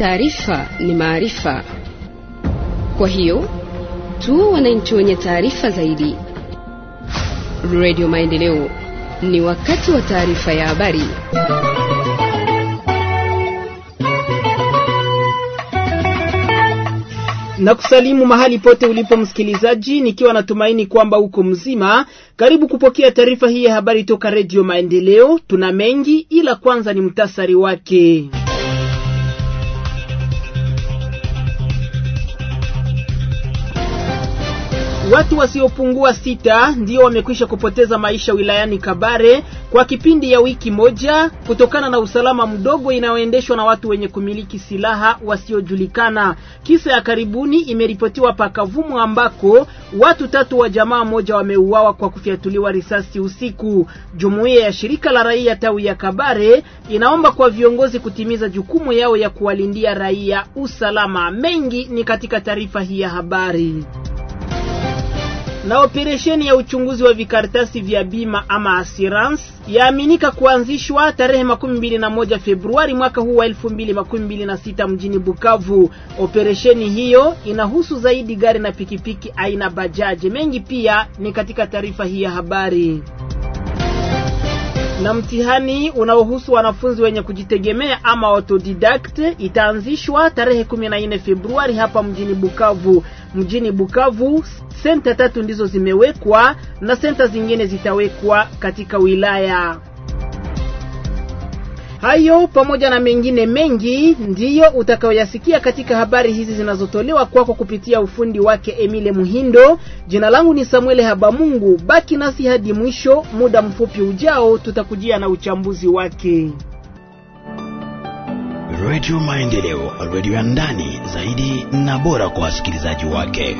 Taarifa ni maarifa, kwa hiyo tu wananchi wenye taarifa zaidi. Radio Maendeleo, ni wakati wa taarifa ya habari. na kusalimu mahali pote ulipo msikilizaji, nikiwa natumaini kwamba uko mzima. Karibu kupokea taarifa hii ya habari toka Redio Maendeleo. Tuna mengi, ila kwanza ni mtasari wake. Watu wasiopungua sita ndio wamekwisha kupoteza maisha wilayani Kabare kwa kipindi ya wiki moja kutokana na usalama mdogo inayoendeshwa na watu wenye kumiliki silaha wasiojulikana. Kisa ya karibuni imeripotiwa Pakavumu ambako watu tatu wa jamaa moja wameuawa kwa kufyatuliwa risasi usiku. Jumuiya ya shirika la raia tawi ya Kabare inaomba kwa viongozi kutimiza jukumu yao ya kuwalindia raia usalama. Mengi ni katika taarifa hii ya habari. Na operesheni ya uchunguzi wa vikaratasi vya bima ama assurance yaaminika kuanzishwa tarehe 21 Februari mwaka huu wa 2026 mjini Bukavu. Operesheni hiyo inahusu zaidi gari na pikipiki aina bajaji mengi. Pia ni katika taarifa hii ya habari na mtihani unaohusu wanafunzi wenye kujitegemea ama autodidact itaanzishwa tarehe 14 Februari hapa mjini Bukavu. Mjini Bukavu senta tatu ndizo zimewekwa na senta zingine zitawekwa katika wilaya Hayo pamoja na mengine mengi ndiyo utakayoyasikia katika habari hizi zinazotolewa kwako kupitia ufundi wake Emile Muhindo. Jina langu ni Samuel Habamungu, baki nasi hadi mwisho. Muda mfupi ujao tutakujia na uchambuzi wake. Radio Maendeleo, radio ya ndani zaidi na bora kwa wasikilizaji wake.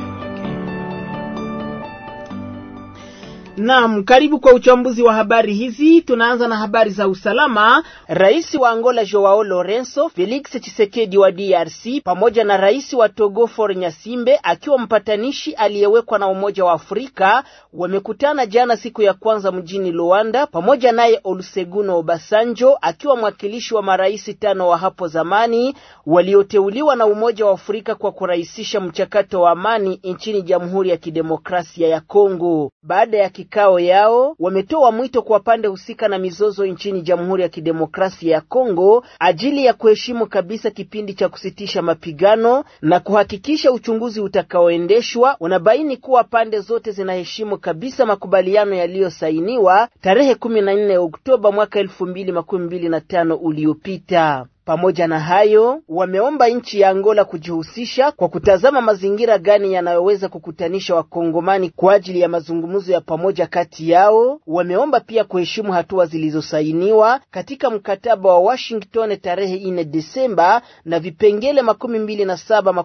Naam, karibu kwa uchambuzi wa habari hizi. Tunaanza na habari za usalama. Rais wa Angola Joao Lorenzo Felix Tshisekedi wa DRC pamoja na rais wa Togo Faure Nyasimbe akiwa mpatanishi aliyewekwa na Umoja wa Afrika wamekutana jana siku ya kwanza mjini Luanda, pamoja naye Olusegun Obasanjo akiwa mwakilishi wa marais tano wa hapo zamani walioteuliwa na Umoja wa Afrika kwa kurahisisha mchakato wa amani nchini Jamhuri ya Kidemokrasia ya Kongo baada ya mikao yao wametoa mwito kwa pande husika na mizozo nchini Jamhuri ya Kidemokrasia ya Kongo ajili ya kuheshimu kabisa kipindi cha kusitisha mapigano na kuhakikisha uchunguzi utakaoendeshwa unabaini kuwa pande zote zinaheshimu kabisa makubaliano yaliyosainiwa tarehe 14 Oktoba mwaka 2025 uliopita. Pamoja na hayo, wameomba nchi ya Angola kujihusisha kwa kutazama mazingira gani yanayoweza kukutanisha wakongomani kwa ajili ya mazungumzo ya pamoja kati yao. Wameomba pia kuheshimu hatua zilizosainiwa katika mkataba wa Washington tarehe 4 Desemba na vipengele makumi na saba,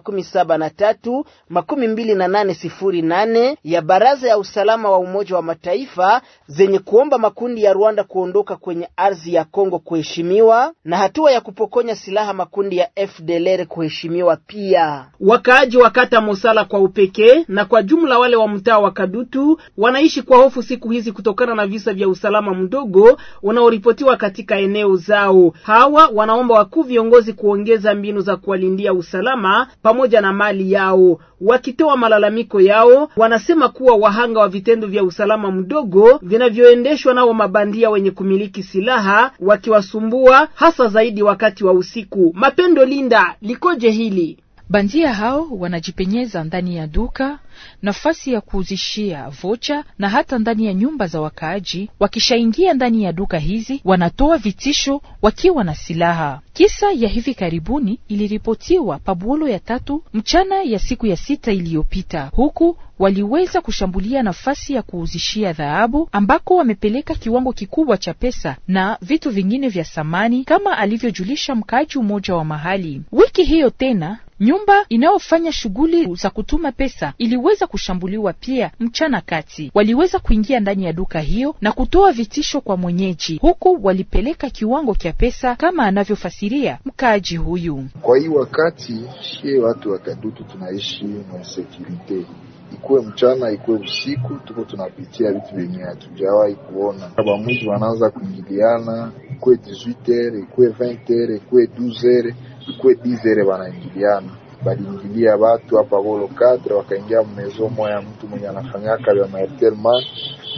na ya Baraza ya Usalama wa Umoja wa Mataifa zenye kuomba makundi ya Rwanda kuondoka kwenye ardhi ya Kongo kuheshimiwa na hatua ya kupo kupokonya silaha makundi ya FDLR kuheshimiwa pia. Wakaaji wa kata Mosala kwa upekee na kwa jumla wale wa mtaa wa Kadutu wanaishi kwa hofu siku hizi kutokana na visa vya usalama mdogo unaoripotiwa katika eneo zao. Hawa wanaomba wakuu viongozi kuongeza mbinu za kuwalindia usalama pamoja na mali yao wakitoa malalamiko yao, wanasema kuwa wahanga wa vitendo vya usalama mdogo vinavyoendeshwa nao mabandia wenye kumiliki silaha wakiwasumbua hasa zaidi wakati wa usiku. Mapendo Linda, likoje hili? Bandia hao wanajipenyeza ndani ya duka, nafasi ya kuuzishia vocha na hata ndani ya nyumba za wakaaji. Wakishaingia ndani ya duka hizi, wanatoa vitisho wakiwa na silaha. Kisa ya hivi karibuni iliripotiwa Pabuolo ya tatu mchana ya siku ya sita iliyopita, huku waliweza kushambulia nafasi ya kuuzishia dhahabu ambako wamepeleka kiwango kikubwa cha pesa na vitu vingine vya samani, kama alivyojulisha mkaaji mmoja wa mahali. Wiki hiyo tena Nyumba inayofanya shughuli za kutuma pesa iliweza kushambuliwa pia. Mchana kati waliweza kuingia ndani ya duka hiyo na kutoa vitisho kwa mwenyeji, huku walipeleka kiwango cha pesa kama anavyofasiria mkaaji huyu. Kwa hii wakati shie watu wa Kadutu tunaishi sekurite ikuwe mchana ikuwe usiku, tuko tunapitia vitu vyenye hatujawahi kuona. Wamwizi wanaanza kuingiliana, ikuwe 18 ikuwe 20 ikuwe 12 ikuwe dizere wanaingiliana baliingilia watu hapa volo kadre, wakaingia mmezo moya, mtu mwenye anafanyaka vya maertelman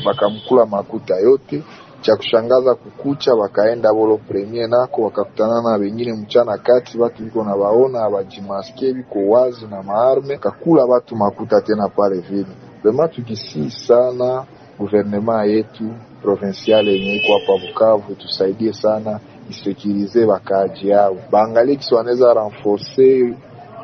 wakamkula makuta yote. Cha kushangaza kukucha, wakaenda bolo premier nako wakakutana na wengine mchana kati, watu viko na waona awajimaske viko wazi na maarme kakula watu makuta tena pale vile vema. Tukisii sana guvernema yetu provinsiale yenye iko hapa Bukavu tusaidie sana isekirize bakaji yao, baangalie kisi wanaweza renforce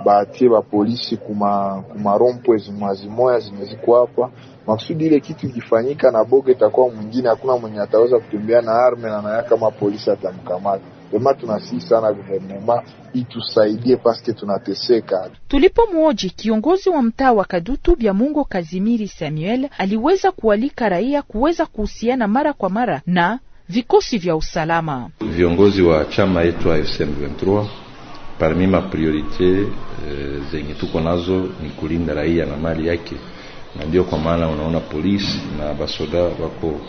baatie bapolisi kuma kumarompo zimwazimoya zimeziko hapa maksudi ile kitu ikifanyika na boge itakuwa mwingine, hakuna mwenye ataweza kutembea na arme na naya kama polisi atamkamata. Ema, tunasihi sana guvernema itusaidie paske tunateseka. Tulipomwoji kiongozi wa mtaa wa Kadutu bya Mungo Kazimiri Samuel aliweza kualika raia kuweza kuhusiana mara kwa mara na vikosi vya usalama. Viongozi wa chama yetu AFCM 23 parmi priorite e, eh, zenye tuko nazo ni kulinda raia na mali yake, na ndio kwa maana unaona polisi na basoda wako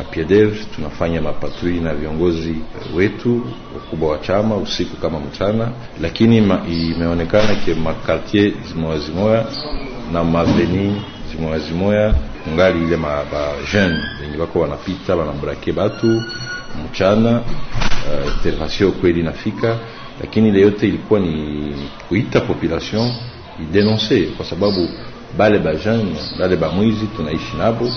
apiedev, tunafanya mapatrui na viongozi wetu wakubwa wa chama usiku kama mchana, lakini ma, imeonekana ke makartier zimoya zimoya na maveni mwazi moya ngali ile ma ba jeune wenye wako wanapita wanabrake batu mchana. Uh, intervention kweli nafika, lakini ile yote ilikuwa ni kuita population idenonse, kwa sababu bale ba jeune bale ba mwizi tunaishi nabo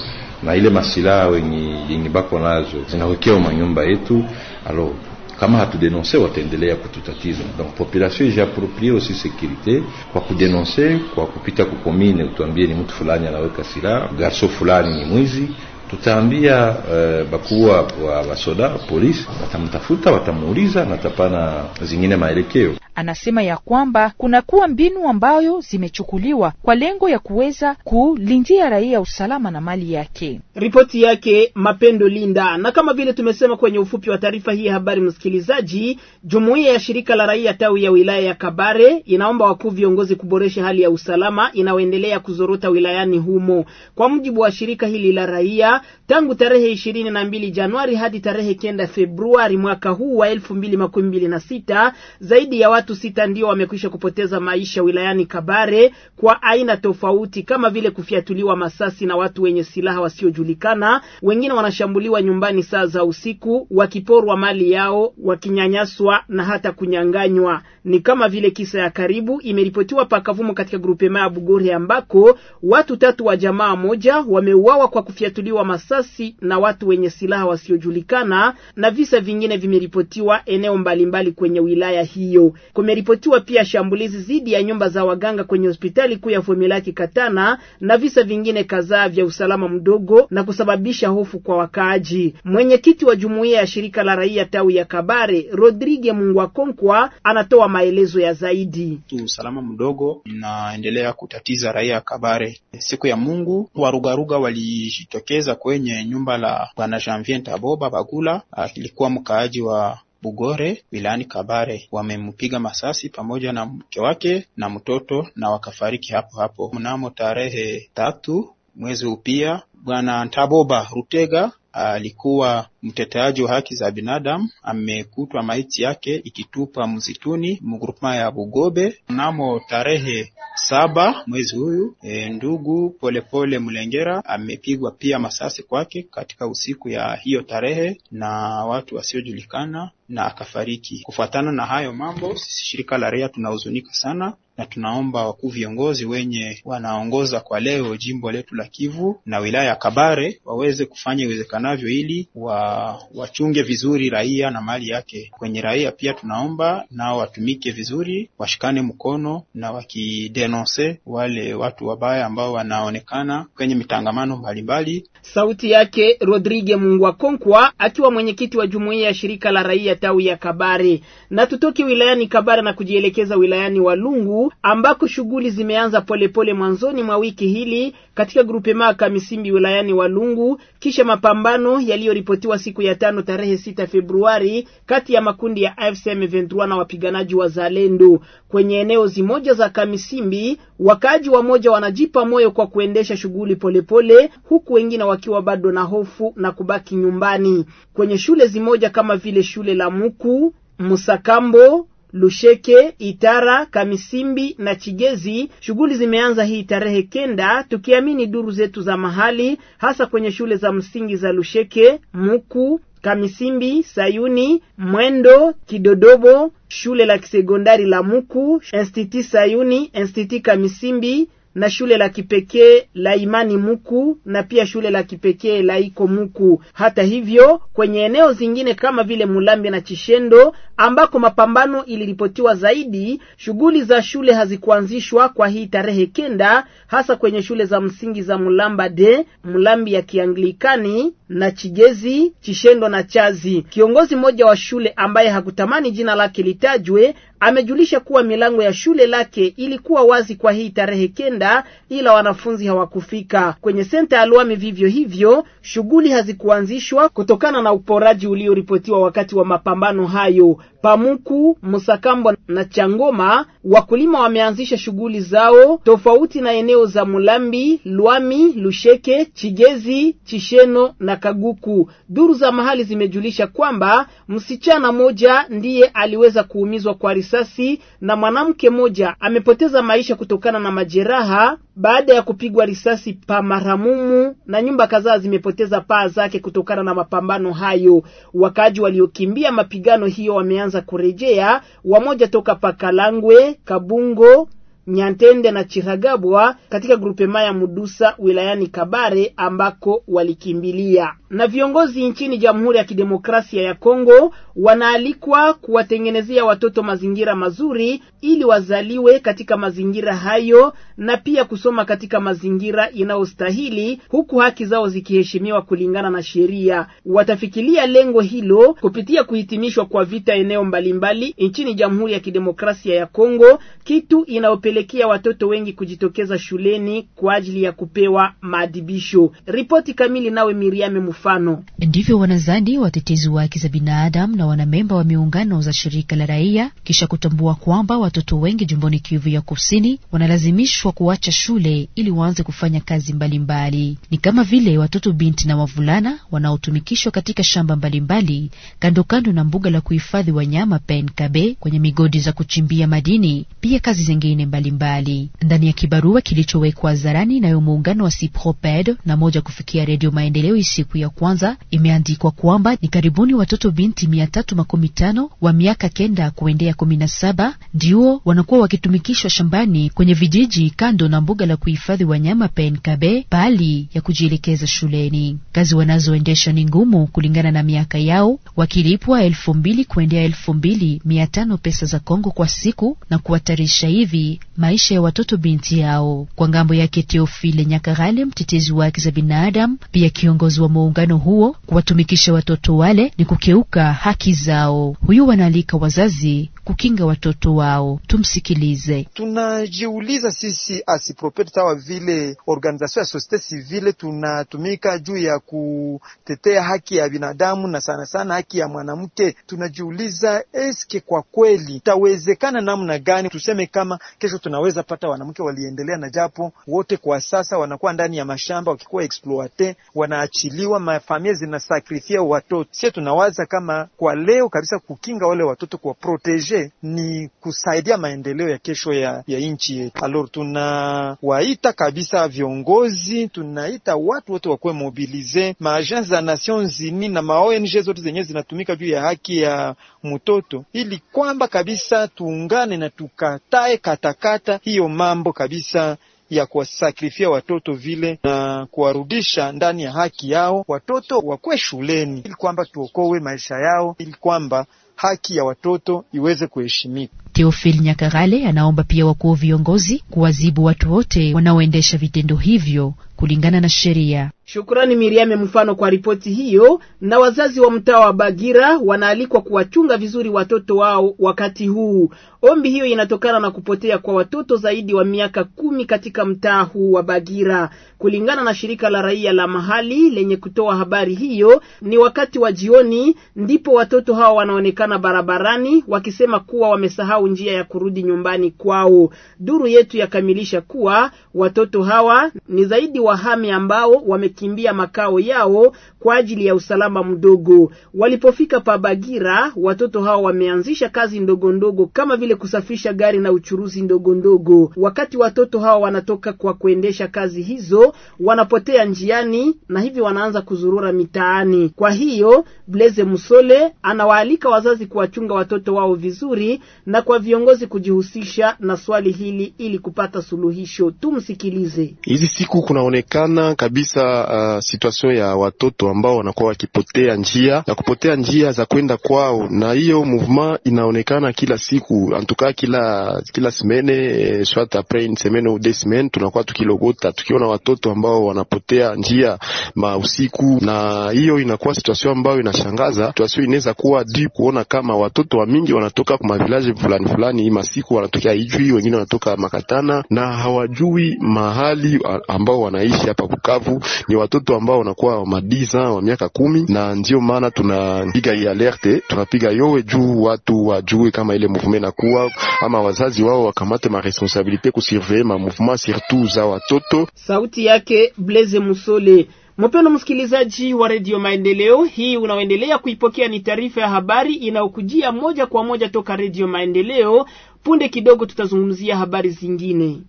na ile masilaha wenye yenye bako nazo zinawekea manyumba yetu alo kama hatudenonse wataendelea kututatiza. Donc population ijiaproprie aussi sécurité kwa kudenonse, kwa kupita kukomine, utuambie ni mtu fulani anaweka silaha, garso fulani ni mwizi tutaambia uh, bakuwa wa wasoda polisi watamtafuta, watamuuliza na tapana zingine maelekeo anasema ya kwamba kunakuwa mbinu ambayo zimechukuliwa kwa lengo ya kuweza kulindia raia usalama na mali yake. Ripoti yake Mapendo Linda. Na kama vile tumesema kwenye ufupi wa taarifa hii ya habari, msikilizaji, jumuiya ya shirika la raia tawi ya wilaya ya Kabare inaomba wakuu viongozi kuboresha hali ya usalama inayoendelea kuzorota wilayani humo. Kwa mujibu wa shirika hili la raia, tangu tarehe ishirini na mbili Januari hadi tarehe kenda Februari mwaka huu wa elfu mbili makumi mbili na sita zaidi ya watu sita ndio wamekwisha kupoteza maisha wilayani Kabare kwa aina tofauti kama vile kufyatuliwa masasi na watu wenye silaha wasiojulikana. Wengine wanashambuliwa nyumbani saa za usiku, wakiporwa mali yao, wakinyanyaswa na hata kunyanganywa. Ni kama vile kisa ya karibu imeripotiwa pakavumo katika grupema ya Bugore ambako watu tatu wa jamaa moja wameuawa kwa kufiatuliwa masasi na watu wenye silaha wasiojulikana, na visa vingine vimeripotiwa eneo mbalimbali mbali kwenye wilaya hiyo. Kumeripotiwa pia shambulizi dhidi ya nyumba za waganga kwenye hospitali kuu ya Fomilaki Katana na visa vingine kadhaa vya usalama mdogo na kusababisha hofu kwa wakaaji. Mwenyekiti wa jumuiya ya shirika la raia tawi ya Kabare, Rodrigue Mungwakonkwa anatoa maelezo ya zaidi. Usalama mdogo inaendelea kutatiza raia ya Kabare. Siku ya Mungu warugaruga walijitokeza kwenye nyumba la bwana Janvier Taboba Bagula, alikuwa ah, mkaaji wa Bugore wilayani Kabare. Wamempiga masasi pamoja na mke wake na mtoto na wakafariki hapo hapo. Mnamo tarehe tatu mwezi upia, bwana Taboba Rutega ah, alikuwa Mteteaji wa haki za binadamu amekutwa maiti yake ikitupa msituni mgrupma ya Bugobe mnamo tarehe saba mwezi huyu. E, ndugu Polepole Mlengera amepigwa pia masasi kwake katika usiku ya hiyo tarehe na watu wasiojulikana na akafariki. Kufuatana na hayo mambo, sisi shirika la raia tunahuzunika sana na tunaomba wakuu viongozi wenye wanaongoza kwa leo jimbo letu la Kivu na wilaya ya Kabare waweze kufanya iwezekanavyo ili wa wachunge vizuri raia na mali yake. Kwenye raia pia tunaomba nao watumike vizuri, washikane mkono na wakidenonse wale watu wabaya ambao wanaonekana kwenye mitangamano mbalimbali. Sauti yake Rodrigue Mungwakonkwa akiwa mwenyekiti wa jumuiya ya shirika la raia tawi ya Kabare. Na tutoke wilayani Kabare na kujielekeza wilayani Walungu ambako shughuli zimeanza polepole mwanzoni mwa wiki hili katika grupema Kamisimbi wilayani Walungu kisha mapambano yaliyoripotiwa siku ya tano tarehe sita Februari kati ya makundi ya AFC M23 na wapiganaji wa Zalendo kwenye eneo zimoja za Kamisimbi. Wakaaji wamoja wanajipa moyo kwa kuendesha shughuli polepole, huku wengine wakiwa bado na hofu na kubaki nyumbani. Kwenye shule zimoja kama vile shule la Muku, Musakambo Lusheke, Itara, Kamisimbi na Chigezi. Shughuli zimeanza hii tarehe kenda, tukiamini duru zetu za mahali, hasa kwenye shule za msingi za Lusheke, Muku, Kamisimbi, Sayuni, Mwendo, Kidodobo, shule la kisekondari la Muku, Instituti Sayuni, Instituti Kamisimbi na shule la kipekee la imani muku na pia shule la kipekee la iko muku. Hata hivyo, kwenye eneo zingine kama vile Mulambi na Chishendo ambako mapambano iliripotiwa zaidi, shughuli za shule hazikuanzishwa kwa hii tarehe kenda, hasa kwenye shule za msingi za Mulamba de Mulambi ya Kianglikani na Chigezi, Chishendo na Chazi. Kiongozi mmoja wa shule ambaye hakutamani jina lake litajwe amejulisha kuwa milango ya shule lake ilikuwa wazi kwa hii tarehe kenda, ila wanafunzi hawakufika kwenye senta ya Luami. Vivyo hivyo shughuli hazikuanzishwa kutokana na uporaji ulioripotiwa wakati wa mapambano hayo. Pamuku, Musakambo na Changoma, wakulima wameanzisha shughuli zao tofauti na eneo za Mulambi, Lwami, Lusheke, Chigezi, Chisheno na Kaguku. Duru za mahali zimejulisha kwamba msichana moja ndiye aliweza kuumizwa kwa risasi na mwanamke mmoja amepoteza maisha kutokana na majeraha baada ya kupigwa risasi pa Maramumu, na nyumba kadhaa zimepoteza paa zake kutokana na mapambano hayo. Wakaaji waliokimbia mapigano hiyo wameanza kurejea, wamoja toka Pakalangwe, Kabungo Nyantende na Chiragabwa katika grupema ya Mudusa wilayani Kabare ambako walikimbilia. Na viongozi nchini Jamhuri ya Kidemokrasia ya Kongo wanaalikwa kuwatengenezea watoto mazingira mazuri ili wazaliwe katika mazingira hayo na pia kusoma katika mazingira inayostahili huku haki zao zikiheshimiwa kulingana na sheria. Watafikilia lengo hilo kupitia kuhitimishwa kwa vita eneo mbalimbali nchini Jamhuri ya Kidemokrasia ya Kongo, kitu inayope kupelekea watoto wengi kujitokeza shuleni kwa ajili ya kupewa maadhibisho. Ripoti kamili nawe Miriame Mfano. Ndivyo wanazadi watetezi wa haki za binadamu na wanamemba wa miungano za shirika la raia kisha kutambua kwamba watoto wengi jumboni Kivu ya Kusini wanalazimishwa kuacha shule ili waanze kufanya kazi mbalimbali mbali. Ni kama vile watoto binti na wavulana wanaotumikishwa katika shamba mbalimbali kando kando na mbuga la kuhifadhi wanyama Penkabe, kwenye migodi za kuchimbia madini, pia kazi zingine mbali mbalimbali ndani ya kibarua kilichowekwa hadharani nayo muungano wa Siproped na moja kufikia Redio Maendeleo siku ya kwanza imeandikwa kwamba ni karibuni watoto binti mia tatu makumi tano wa miaka kenda kuendea kumi na saba ndio wanakuwa wakitumikishwa shambani kwenye vijiji kando na mbuga la kuhifadhi wanyama PNKB pahali ya kujielekeza shuleni. Kazi wanazoendesha ni ngumu kulingana na miaka yao, wakilipwa elfu mbili kuendea elfu mbili mia tano pesa za Kongo kwa siku na kuhatarisha hivi maisha ya watoto binti yao. Kwa ngambo yake, Teofile Nyakarale, mtetezi wa haki za binadamu, pia kiongozi wa muungano huo, kuwatumikisha watoto wale ni kukeuka haki zao. Huyu wanaalika wazazi kukinga watoto wao. Tumsikilize. Tunajiuliza sisi asipropeti sawa vile organization ya societe civile tunatumika juu ya kutetea haki ya binadamu na sana sana haki ya mwanamke. Tunajiuliza eske kwa kweli tawezekana namna gani tuseme kama kesho tunaweza pata wanamke waliendelea na japo wote kwa sasa wanakuwa ndani ya mashamba wakikuwa exploite, wanaachiliwa, mafamilia zinasakrifia watoto. Sie tunawaza kama kwa leo kabisa kukinga wale watoto kwa protege proje ni kusaidia maendeleo ya kesho ya, ya nchi yetu. Alors tunawaita kabisa viongozi, tunaita watu wote wakuwe mobilize, maagence za Nations Unies na maong zote zenyewe zinatumika juu ya haki ya mtoto, ili kwamba kabisa tuungane na tukatae katakata hiyo mambo kabisa ya kuwasakrifia watoto vile na kuwarudisha ndani ya haki yao. Watoto wakuwe shuleni ili kwamba tuokowe maisha yao, ili kwamba haki ya watoto iweze kuheshimika. Teofil Nyakagale anaomba pia wakuu viongozi kuwazibu watu wote wanaoendesha vitendo hivyo kulingana na sheria. Shukrani Miriame Mfano kwa ripoti hiyo. Na wazazi wa mtaa wa Bagira wanaalikwa kuwachunga vizuri watoto wao wakati huu. Ombi hiyo inatokana na kupotea kwa watoto zaidi wa miaka kumi katika mtaa huu wa Bagira. Kulingana na shirika la raia la mahali lenye kutoa habari hiyo, ni wakati wa jioni ndipo watoto hao wanaonekana barabarani wakisema kuwa wamesahau njia ya kurudi nyumbani kwao. Duru yetu yakamilisha kuwa watoto hawa ni zaidi wa wahami ambao wamekimbia makao yao kwa ajili ya usalama mdogo. Walipofika Pabagira, watoto hao wameanzisha kazi ndogo ndogo kama vile kusafisha gari na uchuruzi ndogo ndogo. Wakati watoto hao wanatoka kwa kuendesha kazi hizo, wanapotea njiani na hivi wanaanza kuzurura mitaani. Kwa hiyo Blaise Musole anawaalika wazazi kuwachunga watoto wao vizuri na kwa viongozi kujihusisha na swali hili ili kupata suluhisho. Tumsikilize. Hizi siku kunaone inaonekana kabisa uh, situation ya watoto ambao wanakuwa wakipotea njia ya kupotea njia za kwenda kwao, na hiyo movement inaonekana kila siku antuka kila kila semene eh, soit après semene au deux semaines, tunakuwa tukilogota tukiona watoto ambao wanapotea njia mausiku, na hiyo inakuwa situation ambayo inashangaza. Situation inaweza kuwa di kuona kama watoto wa mingi wanatoka kwa mavilaje fulani fulani, masiku wanatokea Ijwi, wengine wanatoka Makatana na hawajui mahali ambao wanaishi wanaishi hapa Bukavu ni watoto ambao wanakuwa wa madiza wa miaka kumi, na ndio maana tunapiga hii alerte, tunapiga yowe juu watu wajue kama ile movement kuwa ama wazazi wao wakamate ma responsabilite kusurveiller ma mouvement surtout za watoto. Sauti yake Blaise Musole. Mpendo msikilizaji wa radio Maendeleo, hii unaoendelea kuipokea ni taarifa ya habari inayokujia moja kwa moja toka redio Maendeleo. Punde kidogo tutazungumzia habari zingine.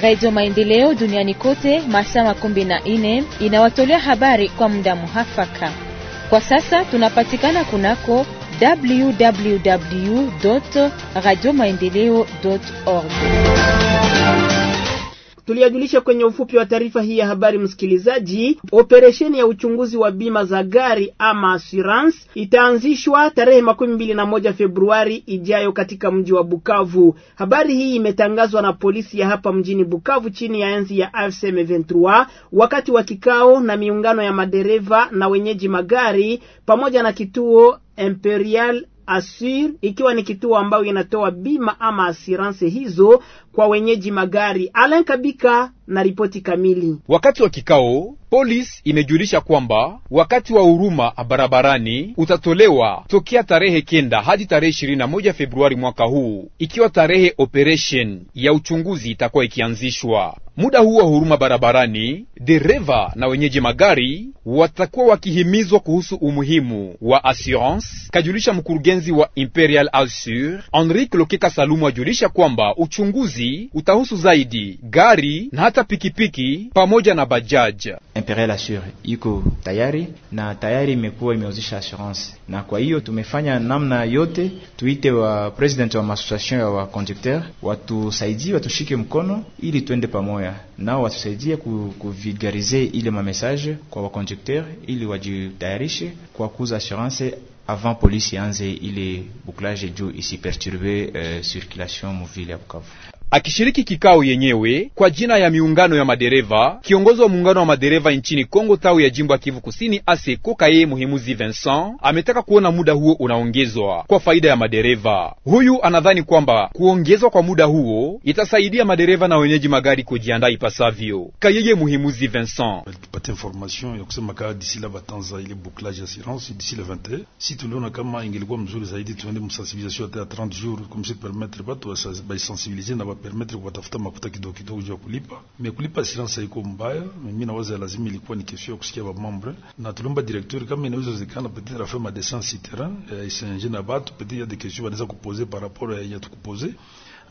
Radio Maendeleo duniani kote masaa makumi na inawatolea habari kwa muda muhafaka. Kwa sasa tunapatikana kunako www radio maendeleo org Tuliyajulisha kwenye ufupi wa taarifa hii ya habari, msikilizaji, operesheni ya uchunguzi wa bima za gari ama assurance itaanzishwa tarehe makumi mbili na moja Februari ijayo katika mji wa Bukavu. Habari hii imetangazwa na polisi ya hapa mjini Bukavu chini ya enzi ya AFC M23 wakati wa kikao na miungano ya madereva na wenyeji magari pamoja na kituo Imperial Asir ikiwa ni kituo ambayo inatoa bima ama asiranse hizo kwa wenyeji magari. Alan Kabika na ripoti kamili. Wakati wa kikao, polisi imejulisha kwamba wakati wa huruma barabarani utatolewa tokea tarehe kenda hadi tarehe 21 Februari mwaka huu, ikiwa tarehe operation ya uchunguzi itakuwa ikianzishwa. Muda huo huruma barabarani, dereva na wenyeji magari watakuwa wakihimizwa kuhusu umuhimu wa assurance, kajulisha mkurugenzi wa Imperial Assure Henrique Lokeka Salumu. Ajulisha kwamba uchunguzi utahusu zaidi gari na hata pikipiki pamoja na bajaja. Imperial Assure iko tayari na tayari imekuwa imeuzisha assurance, na kwa hiyo tumefanya namna yote tuite wa president wa association ya wa conducteur watusaidie, watushike mkono ili tuende pamoja. ya nao watusaidia kuvulgarize ile mamesaje kwa wakondukteur ili wajitayarishe kwa kuza assurance avant polisi anze ile bouclage juu isiperturbe uh, circulation muvile ya Akishiriki kikao yenyewe kwa jina ya miungano ya madereva, kiongozi wa muungano wa madereva nchini Kongo tawi ya jimbo ya Kivu Kusini Aseko Kaye Muhimuzi Vincent ametaka kuona muda huo unaongezwa kwa faida ya madereva. Huyu anadhani kwamba kuongezwa kwa muda huo itasaidia madereva na wenyeji magari kujiandaa ipasavyo. Kayeye Muhimuzi Vincent pata information ya kusema kaa disi la batanza ile bouclage assurance disi la 21 si tuliona kama ingelikuwa mzuri zaidi tuende msensibilisation hata ya 30 jours comme se permettre batu basensibilize na permettre kuwatafuta makuta kidogo kidogo juu ya kulipa me kulipa silence iko mbaya. Mimi nawaza lazima ilikuwa ni kesho ya kusikia ba membre, na tulomba directeur kama zikana peut-être afema descent terrain eh, un na batu peut-être ya de question wanaweza kupoze par rapport ya tukupose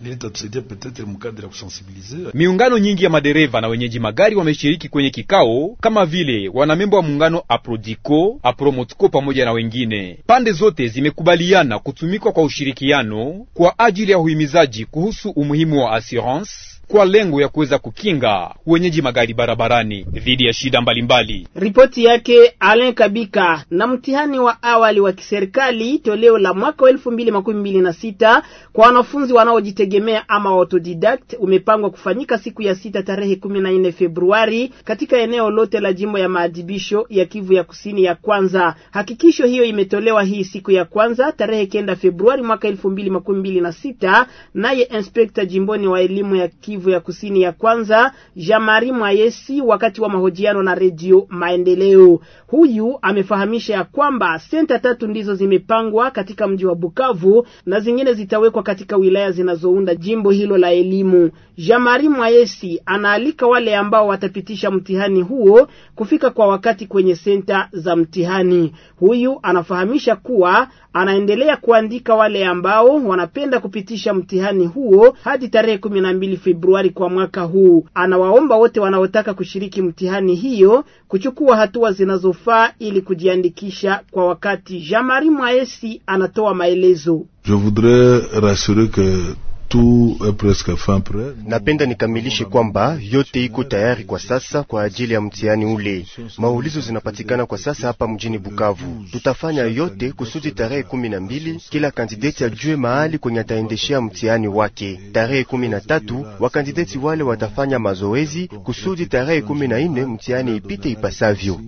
litatusaidia peut mkadri ya kusensibilize. Miungano nyingi ya madereva na wenyeji magari wameshiriki kwenye kikao, kama vile wanamembo wa muungano Aprodico, Apromotco pamoja na wengine. Pande zote zimekubaliana kutumikwa kwa ushirikiano kwa ajili ya uhimizaji kuhusu umuhimu wa assurance kwa lengo ya kuweza kukinga wenyeji magari barabarani dhidi ya shida mbalimbali. Ripoti yake Alain Kabika. Na mtihani wa awali wa kiserikali toleo la mwaka wa 2026 kwa wanafunzi wanaojitegemea ama autodidact umepangwa kufanyika siku ya sita tarehe 14 Februari katika eneo lote la jimbo ya maadhibisho ya Kivu ya Kusini ya kwanza. Hakikisho hiyo imetolewa hii siku ya kwanza tarehe kenda Februari mwaka 2026 naye inspekta jimboni wa elimu ya Kivu Kivu ya Kusini ya kwanza, Jamari Mwayesi wakati wa mahojiano na Redio Maendeleo. Huyu amefahamisha ya kwamba senta tatu ndizo zimepangwa katika mji wa Bukavu na zingine zitawekwa katika wilaya zinazounda jimbo hilo la elimu. Jamari Mwayesi anaalika wale ambao watapitisha mtihani huo kufika kwa wakati kwenye senta za mtihani. Huyu anafahamisha kuwa anaendelea kuandika wale ambao wanapenda kupitisha mtihani huo hadi tarehe 12 Februari Februari kwa mwaka huu. Anawaomba wote wanaotaka kushiriki mtihani hiyo kuchukua hatua zinazofaa ili kujiandikisha kwa wakati. Jamari Mwaesi anatoa maelezo. Je voudrais rassurer que Euh, Napenda nikamilishe kwamba yote iko tayari kwa sasa kwa ajili ya mtihani ule. Maulizo zinapatikana kwa sasa hapa mjini Bukavu. Tutafanya yote kusudi tarehe kumi na mbili kila kandideti ajue mahali kwenye ataendeshea mtihani wake. Tarehe kumi na tatu wakandideti wale watafanya mazoezi kusudi tarehe kumi na nne mtihani ipite ipasavyo.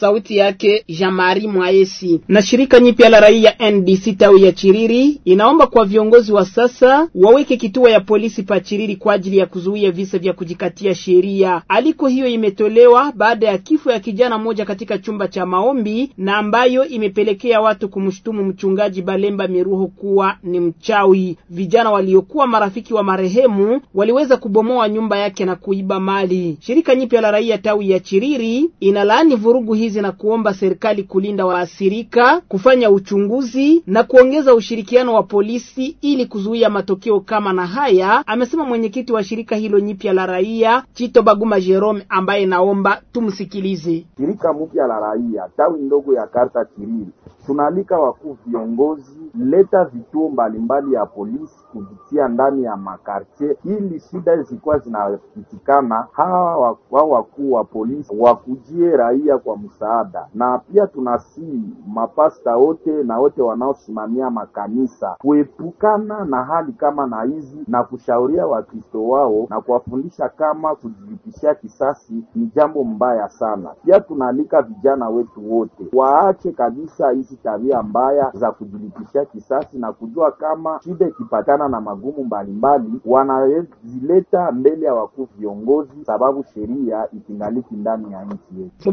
Sauti yake Jamari Mwaesi. Na shirika nyipya la raia NDC tawi ya Chiriri inaomba kwa viongozi wa sasa waweke kituo ya polisi pa Chiriri kwa ajili ya kuzuia visa vya kujikatia sheria. Aliko hiyo imetolewa baada ya kifo ya kijana mmoja katika chumba cha maombi na ambayo imepelekea watu kumshutumu mchungaji Balemba Miruho kuwa ni mchawi. Vijana waliokuwa marafiki wa marehemu waliweza kubomoa nyumba yake na kuiba mali. Shirika nyipya la raia tawi ya Chiriri inalaani vurugu hii hizi na kuomba serikali kulinda waathirika, kufanya uchunguzi na kuongeza ushirikiano wa polisi ili kuzuia matokeo kama na haya, amesema mwenyekiti wa shirika hilo nyipya la raia Chito Baguma Jerome, ambaye naomba tumsikilize. Shirika mpya la raia tawi ndogo ya Karta Kirili, tunaalika wakuu viongozi leta vituo mbalimbali ya polisi kuvitia ndani ya makartie, ili shida zilikuwa zinapitikana, hawa wakuu wa polisi wakujie raia kwa msaada, na pia tunasii mapasta wote na wote wanaosimamia makanisa kuepukana na hali kama na hizi na kushauria Wakristo wao na kuwafundisha kama kujilipishia kisasi ni jambo mbaya sana. Pia tunaalika vijana wetu wote waache kabisa hizi tabia mbaya za kujilipishia kisasi na kujua kama shida ikipatana na magumu mbalimbali wanazileta mbele ya wakuu viongozi, sababu sheria ikingaliki ndani ya nchi yetu.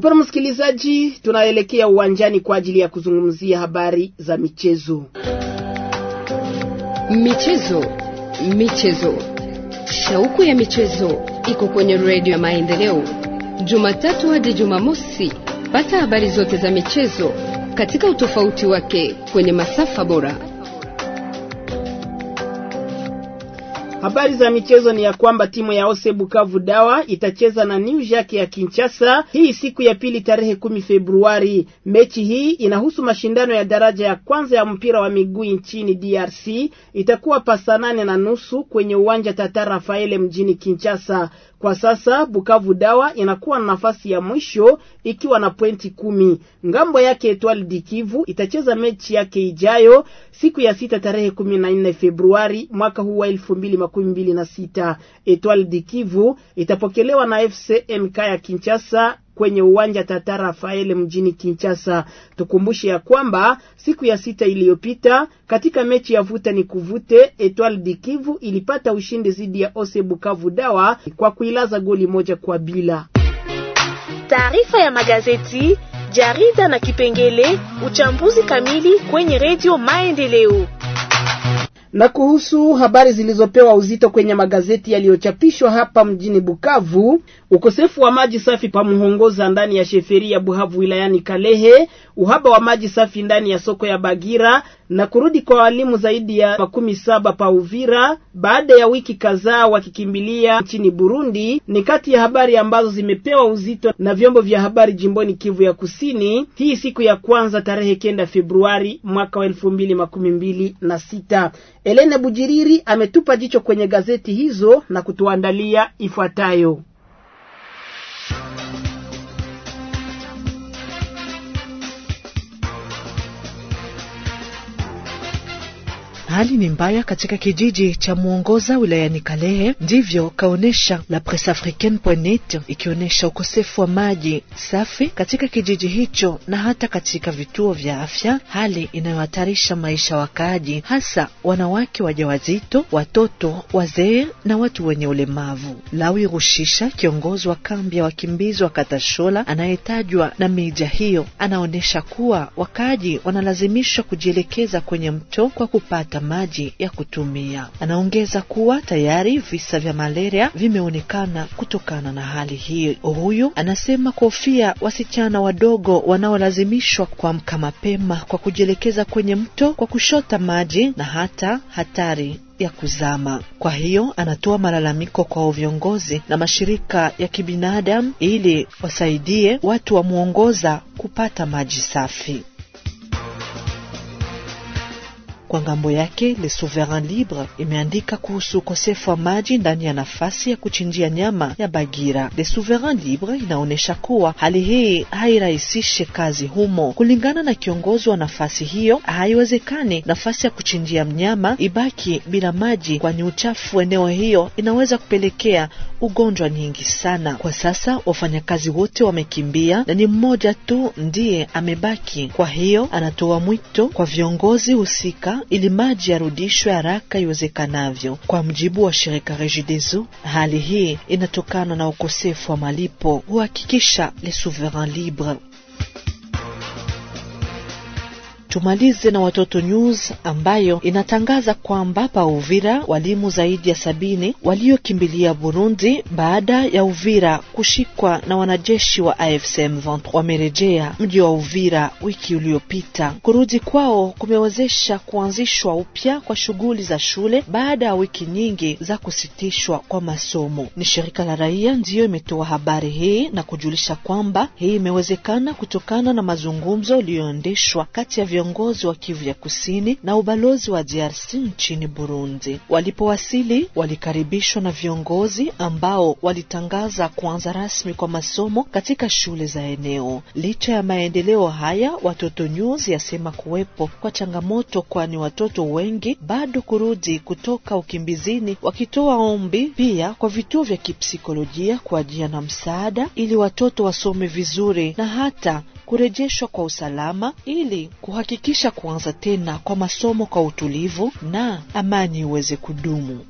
Msikilizaji, tunaelekea uwanjani kwa ajili ya kuzungumzia habari za michezo. Michezo, michezo, shauku ya michezo iko kwenye redio ya Maendeleo, Jumatatu hadi Jumamosi. Pata habari zote za michezo katika utofauti wake kwenye masafa bora. Habari za michezo ni ya kwamba timu ya Ose Bukavu Dawa itacheza na New Jack ya Kinshasa hii siku ya pili tarehe kumi Februari. Mechi hii inahusu mashindano ya daraja ya kwanza ya mpira wa miguu nchini DRC. Itakuwa pasanane na nusu kwenye uwanja Tata Rafaele mjini Kinshasa. Kwa sasa Bukavu Dawa inakuwa na nafasi ya mwisho ikiwa na pointi kumi. Ngambo yake Etwal Dikivu itacheza mechi yake ijayo siku ya sita tarehe kumi na nne Februari mwaka huu wa elfu mbili makumi mbili na sita. Etwal Dikivu itapokelewa na FC MK ya Kinshasa kwenye uwanja Tata Rafael mjini Kinshasa. Tukumbushe ya kwamba siku ya sita iliyopita katika mechi ya vuta ni kuvute Etoile du Kivu ilipata ushindi dhidi ya Ose Bukavu Dawa kwa kuilaza goli moja kwa bila. Taarifa ya magazeti, jarida na kipengele uchambuzi kamili kwenye redio Maendeleo. Na kuhusu habari zilizopewa uzito kwenye magazeti yaliyochapishwa hapa mjini Bukavu, ukosefu wa maji safi pamuhongoza ndani ya sheferi ya Buhavu wilayani Kalehe, uhaba wa maji safi ndani ya soko ya Bagira na kurudi kwa walimu zaidi ya makumi saba pa Uvira baada ya wiki kadhaa wakikimbilia nchini Burundi ni kati ya habari ambazo zimepewa uzito na vyombo vya habari jimboni Kivu ya Kusini hii siku ya kwanza tarehe kenda Februari mwaka wa elfu mbili makumi mbili na sita. Elena Bujiriri ametupa jicho kwenye gazeti hizo na kutuandalia ifuatayo. Hali ni mbaya katika kijiji cha mwongoza wilayani Kalehe, ndivyo kaonesha la Presse Africaine net, ikionyesha ukosefu wa maji safi katika kijiji hicho na hata katika vituo vya afya, hali inayohatarisha maisha wakaaji, hasa wanawake wajawazito, watoto, wazee na watu wenye ulemavu. Lawi Rushisha, kiongozi wa kambi ya wakimbizi wa Katashola anayetajwa na mija hiyo, anaonyesha kuwa wakaaji wanalazimishwa kujielekeza kwenye mto kwa kupata maji ya kutumia. Anaongeza kuwa tayari visa vya malaria vimeonekana kutokana na hali hii. Huyu anasema kuhofia wasichana wadogo wanaolazimishwa kuamka mapema kwa kujielekeza kwenye mto kwa kushota maji na hata hatari ya kuzama. Kwa hiyo anatoa malalamiko kwa viongozi na mashirika ya kibinadamu ili wasaidie watu wamwongoza kupata maji safi. Kwa ngambo yake Le Souverain Libre imeandika kuhusu ukosefu wa maji ndani ya nafasi ya kuchinjia nyama ya Bagira. Le Souverain Libre inaonyesha kuwa hali hii hairahisishe kazi humo. Kulingana na kiongozi wa nafasi hiyo, haiwezekani nafasi ya kuchinjia mnyama ibaki bila maji, kwani uchafu eneo hiyo inaweza kupelekea ugonjwa nyingi sana. Kwa sasa wafanyakazi wote wamekimbia na ni mmoja tu ndiye amebaki, kwa hiyo anatoa mwito kwa viongozi husika ili maji yarudishwe haraka iwezekanavyo. Kwa mjibu wa shirika Regideso, hali hii inatokana na ukosefu wa malipo, huhakikisha Le Souverain Libre. Tumalize na Watoto News ambayo inatangaza kwamba pa Uvira walimu zaidi ya sabini waliokimbilia Burundi baada ya Uvira kushikwa na wanajeshi wa AFC M23 wamerejea mji wa Uvira wiki uliopita. Kurudi kwao kumewezesha kuanzishwa upya kwa shughuli za shule baada ya wiki nyingi za kusitishwa kwa masomo. Ni shirika la raia ndiyo imetoa habari hii na kujulisha kwamba hii imewezekana kutokana na mazungumzo yaliyoendeshwa kati ya viongozi wa Kivu ya Kusini na ubalozi wa DRC nchini Burundi. Walipowasili, walikaribishwa na viongozi ambao walitangaza kuanza rasmi kwa masomo katika shule za eneo. Licha ya maendeleo haya, Watoto News yasema kuwepo kwa changamoto, kwani watoto wengi bado kurudi kutoka ukimbizini, wakitoa ombi pia kwa vituo vya kipsikolojia kwa ajili na msaada ili watoto wasome vizuri na hata kurejeshwa kwa usalama ili kuhakikisha kuanza tena kwa masomo kwa utulivu na amani iweze kudumu.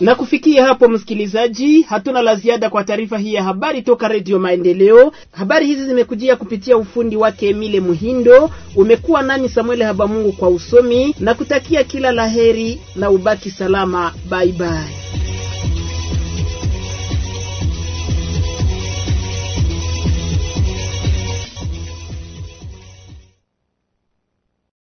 Na kufikia hapo, msikilizaji, hatuna la ziada kwa taarifa hii ya habari toka Redio Maendeleo. Habari hizi zimekujia kupitia ufundi wake Emile Muhindo. Umekuwa nani Samuel Habamungu kwa usomi na kutakia kila laheri na ubaki salama. Baibai.